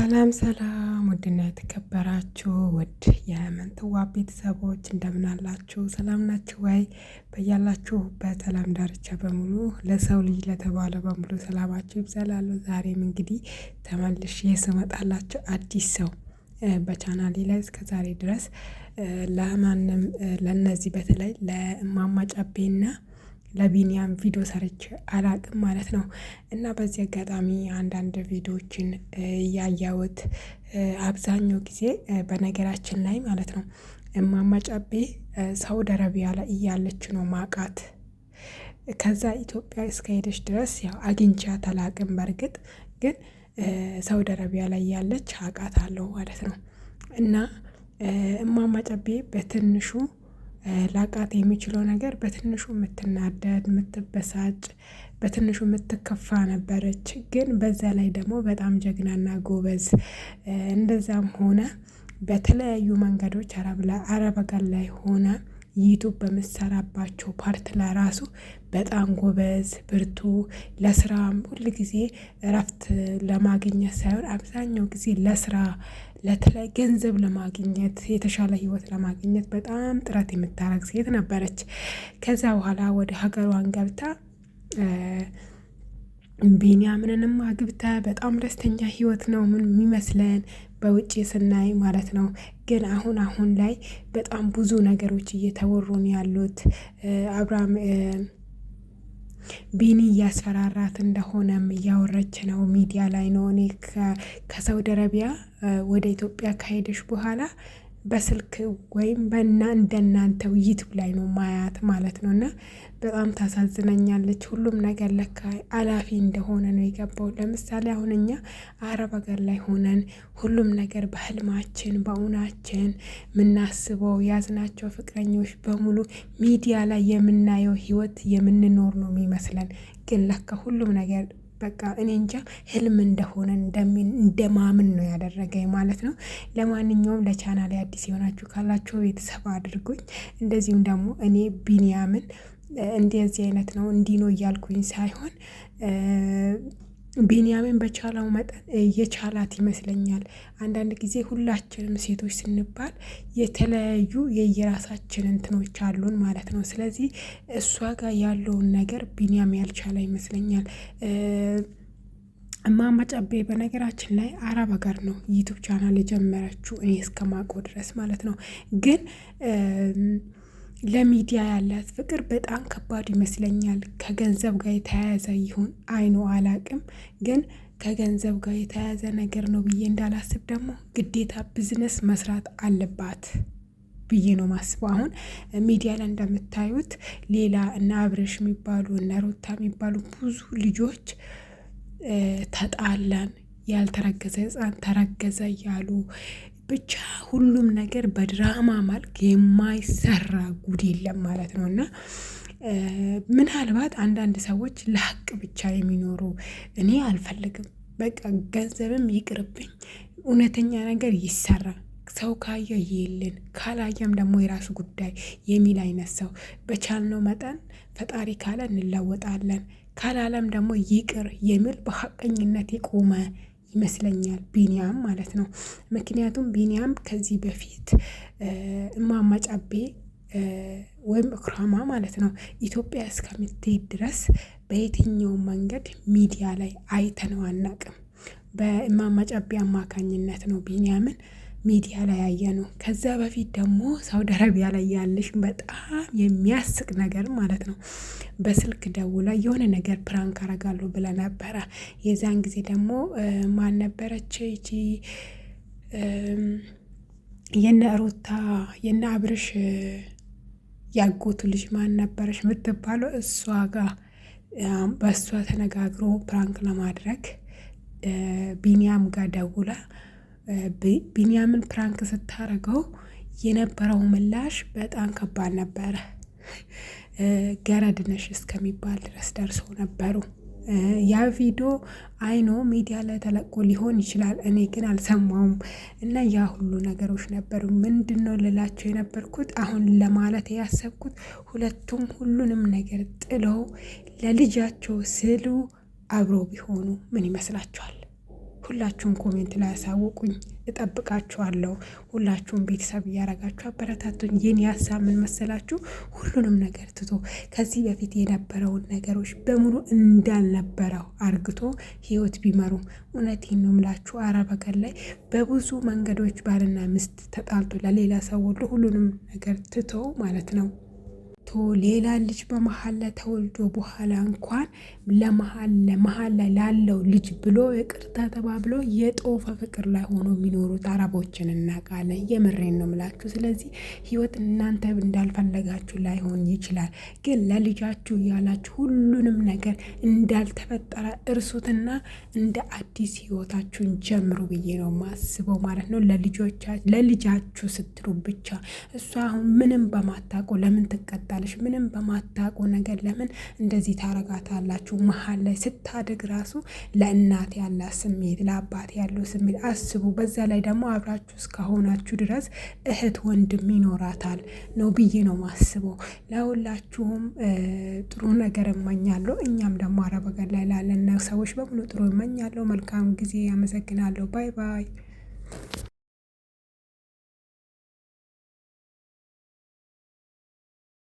ሰላም ሰላም ውድና የተከበራችሁ ውድ የመንትዋብ ቤተሰቦች እንደምን አላችሁ? ሰላም ናችሁ ወይ? በያላችሁበት ሰላም ዳርቻ በሙሉ ለሰው ልጅ ለተባለ በሙሉ ሰላማችሁ ይብዛላሉ። ዛሬም እንግዲህ ተመልሼ ስመጣላችሁ አዲስ ሰው በቻናሌ ላይ ዛሬ ድረስ ለማንም ለነዚህ በተለይ ለእማማ ለቢኒያም ቪዲዮ ሰርች አላቅም ማለት ነው። እና በዚህ አጋጣሚ አንዳንድ ቪዲዮዎችን እያያወት አብዛኛው ጊዜ በነገራችን ላይ ማለት ነው እማማ ጨቤ ሳውዲ አረቢያ ላይ እያለች ነው ማቃት ከዛ ኢትዮጵያ እስከሄደች ድረስ ያው አግኝቻት ተላቅም በእርግጥ ግን ሳውዲ አረቢያ ላይ ያለች አቃት አለው ማለት ነው እና እማማጨቤ በትንሹ ላቃት የሚችለው ነገር በትንሹ የምትናደድ የምትበሳጭ በትንሹ የምትከፋ ነበረች። ግን በዛ ላይ ደግሞ በጣም ጀግናና ጎበዝ እንደዛም ሆነ በተለያዩ መንገዶች አረብ ላይ ሆነ ዩቱብ በምሰራባቸው ፓርት ራሱ በጣም ጎበዝ ብርቱ፣ ለስራም ሁል ጊዜ እረፍት ለማግኘት ሳይሆን አብዛኛው ጊዜ ለስራ ለተለይ ገንዘብ ለማግኘት የተሻለ ህይወት ለማግኘት በጣም ጥረት የምታረግ ሴት ነበረች። ከዛ በኋላ ወደ ሀገሯን ገብታ ቢንያምንንም አግብተ በጣም ደስተኛ ህይወት ነው ምን የሚመስለን በውጭ ስናይ ማለት ነው። ግን አሁን አሁን ላይ በጣም ብዙ ነገሮች እየተወሩን ያሉት። አብርሃም ቢኒ እያስፈራራት እንደሆነም እያወረች ነው ሚዲያ ላይ ነው። እኔ ከሳውዲ አረቢያ ወደ ኢትዮጵያ ካሄደች በኋላ በስልክ ወይም በና እንደናንተው ዩቱብ ላይ ነው ማያት ማለት ነው። እና በጣም ታሳዝነኛለች። ሁሉም ነገር ለካ አላፊ እንደሆነ ነው የገባው። ለምሳሌ አሁን እኛ አረብ ሀገር ላይ ሆነን ሁሉም ነገር በህልማችን በእውናችን የምናስበው ያዝናቸው ፍቅረኞች በሙሉ ሚዲያ ላይ የምናየው ህይወት የምንኖር ነው የሚመስለን። ግን ለካ ሁሉም ነገር በቃ እኔ እንጃ ህልም እንደሆነ እንደማምን ነው ያደረገኝ ማለት ነው። ለማንኛውም ለቻናሌ አዲስ የሆናችሁ ካላችሁ ቤተሰብ አድርጉኝ። እንደዚሁም ደግሞ እኔ ቢንያምን እንደዚህ አይነት ነው እንዲኖ እያልኩኝ ሳይሆን ቢንያሚን በቻለው መጠን የቻላት ይመስለኛል። አንዳንድ ጊዜ ሁላችንም ሴቶች ስንባል የተለያዩ የየራሳችን እንትኖች አሉን ማለት ነው። ስለዚህ እሷ ጋር ያለውን ነገር ቢንያም ያልቻለ ይመስለኛል። እማማ በነገራችን ላይ አረብ ሀገር ነው ዩቱብ ቻናል የጀመረችው እኔ እስከማውቀው ድረስ ማለት ነው ግን ለሚዲያ ያላት ፍቅር በጣም ከባድ ይመስለኛል። ከገንዘብ ጋር የተያያዘ ይሁን አይኖ አላቅም፣ ግን ከገንዘብ ጋር የተያያዘ ነገር ነው ብዬ እንዳላስብ ደግሞ ግዴታ ቢዝነስ መስራት አለባት ብዬ ነው ማስበው። አሁን ሚዲያ ላይ እንደምታዩት ሌላ እነ አብረሽ የሚባሉ እነ ሩታ የሚባሉ ብዙ ልጆች ተጣላን ያልተረገዘ ህፃን ተረገዘ እያሉ ብቻ ሁሉም ነገር በድራማ መልክ የማይሰራ ጉድ የለም ማለት ነው እና ምናልባት አንዳንድ ሰዎች ለሀቅ ብቻ የሚኖሩ እኔ አልፈልግም። በቃ ገንዘብም ይቅርብኝ፣ እውነተኛ ነገር ይሰራ ሰው ካየ ይልን ካላየም ደግሞ የራሱ ጉዳይ የሚል አይነት ሰው በቻልነው መጠን ፈጣሪ ካለ እንለወጣለን ካላለም ደግሞ ይቅር የሚል በሀቀኝነት የቆመ ይመስለኛል ቢኒያም ማለት ነው። ምክንያቱም ቢኒያም ከዚህ በፊት እማማ ጫቤ ወይም እክራማ ማለት ነው ኢትዮጵያ እስከምትሄድ ድረስ በየትኛውም መንገድ ሚዲያ ላይ አይተነው አናቅም። በእማማ ጫቤ አማካኝነት ነው ቢኒያምን ሚዲያ ላይ ያየ ነው። ከዛ በፊት ደግሞ ሳውዲ አረቢያ ላይ ያለሽ በጣም የሚያስቅ ነገር ማለት ነው። በስልክ ደውላ የሆነ ነገር ፕራንክ አረጋሉ ብለ ነበረ። የዛን ጊዜ ደግሞ ማን ነበረች ይቺ የነ ሩታ የነ አብርሽ ያጎቱ ልጅ ማን ነበረች የምትባለው እሷ ጋር በእሷ ተነጋግሮ ፕራንክ ለማድረግ ቢኒያም ጋር ደውላ ቢንያምን ፕራንክ ስታደርገው የነበረው ምላሽ በጣም ከባድ ነበረ። ገረድነሽ እስከሚባል ድረስ ደርሶ ነበሩ። ያ ቪዲዮ አይኖ ሚዲያ ላይ ተለቆ ሊሆን ይችላል፣ እኔ ግን አልሰማውም። እና ያ ሁሉ ነገሮች ነበሩ። ምንድን ነው ልላቸው የነበርኩት አሁን ለማለት ያሰብኩት ሁለቱም ሁሉንም ነገር ጥለው ለልጃቸው ስሉ አብሮ ቢሆኑ ምን ይመስላችኋል? ሁላችሁም ኮሜንት ላይ ያሳውቁኝ። እጠብቃችኋለሁ። ሁላችሁም ቤተሰብ እያረጋችሁ አበረታቱኝ። ይህን ያሳ ምን መሰላችሁ? ሁሉንም ነገር ትቶ ከዚህ በፊት የነበረውን ነገሮች በሙሉ እንዳልነበረው አርግቶ ህይወት ቢመሩ እውነቴን ነው የምላችሁ። አረብ ላይ በብዙ መንገዶች ባልና ሚስት ተጣልቶ ለሌላ ሰው ሁሉንም ነገር ትቶ ማለት ነው ሌላ ልጅ በመሀላ ተወልዶ በኋላ እንኳን ለመሀላ ላለው ልጅ ብሎ ይቅርታ ተባብሎ የጦፈ ፍቅር ላይ ሆኖ የሚኖሩት አረቦችን እናውቃለን። የምሬን ነው ምላችሁ። ስለዚህ ህይወት እናንተ እንዳልፈለጋችሁ ላይሆን ይችላል፣ ግን ለልጃችሁ እያላችሁ ሁሉንም ነገር እንዳልተፈጠረ እርሱትና እንደ አዲስ ህይወታችሁን ጀምሩ ብዬ ነው ማስበው ማለት ነው። ለልጃችሁ ስትሉ ብቻ እሷ አሁን ምንም በማታውቀው ለምን ትቀጣለች? ታደርጋለሽ? ምንም በማታውቁ ነገር ለምን እንደዚህ ታረጋታላችሁ? መሀል ላይ ስታድግ ራሱ ለእናት ያላት ስሜት፣ ለአባት ያለው ስሜት አስቡ። በዛ ላይ ደግሞ አብራችሁ እስከሆናችሁ ድረስ እህት ወንድም ይኖራታል ነው ብዬ ነው ማስበው። ለሁላችሁም ጥሩ ነገር እመኛለሁ። እኛም ደግሞ አረብ አገር ላይ ላለን ሰዎች በሙሉ ጥሩ እመኛለሁ። መልካም ጊዜ። ያመሰግናለሁ። ባይ ባይ።